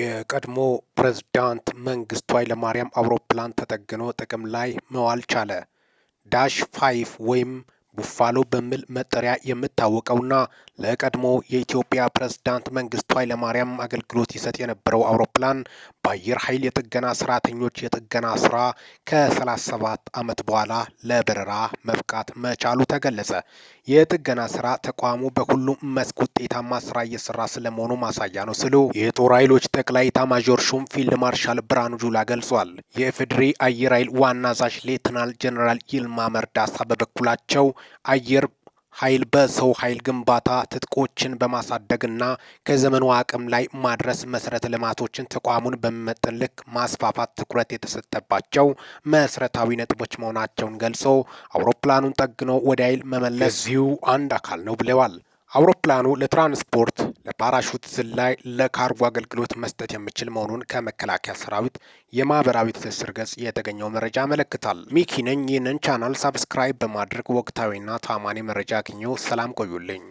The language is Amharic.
የቀድሞ ፕሬዝዳንት መንግስቱ ኃይለማርያም አውሮፕላን ተጠግኖ ጥቅም ላይ መዋል ቻለ። ዳሽ ፋይፍ ወይም ቡፋሎ በሚል መጠሪያ የምታወቀውና ለቀድሞ የኢትዮጵያ ፕሬዝዳንት መንግስቱ ኃይለማርያም አገልግሎት ይሰጥ የነበረው አውሮፕላን በአየር ኃይል የጥገና ሰራተኞች የጥገና ስራ ከ37 ዓመት በኋላ ለበረራ መብቃት መቻሉ ተገለጸ። የጥገና ስራ ተቋሙ በሁሉም መስክ ውጤታማ ስራ እየሰራ ስለመሆኑ ማሳያ ነው ሲሉ የጦር ኃይሎች ጠቅላይ ኤታማዦር ሹም ፊልድ ማርሻል ብርሃኑ ጁላ ገልጿል። የኢፌዴሪ አየር ኃይል ዋና አዛዥ ሌተናል ጀነራል ይልማ መርዳሳ በበኩላቸው አየር ኃይል በሰው ኃይል ግንባታ ትጥቆችን በማሳደግና ከዘመኑ አቅም ላይ ማድረስ መሰረተ ልማቶችን ተቋሙን በሚመጥን ልክ ማስፋፋት ትኩረት የተሰጠባቸው መሰረታዊ ነጥቦች መሆናቸውን ገልጾ አውሮፕላኑን ጠግኖ ወደ ኃይል መመለስ ዚሁ አንድ አካል ነው ብለዋል። አውሮፕላኑ ለትራንስፖርት፣ ለፓራሹት ዝላይ፣ ለካርጎ አገልግሎት መስጠት የሚችል መሆኑን ከመከላከያ ሰራዊት የማህበራዊ ትስስር ገጽ የተገኘው መረጃ ያመለክታል። ሚኪ ነኝ። ይህንን ቻናል ሳብስክራይብ በማድረግ ወቅታዊና ታማኒ መረጃ አግኘው። ሰላም ቆዩልኝ።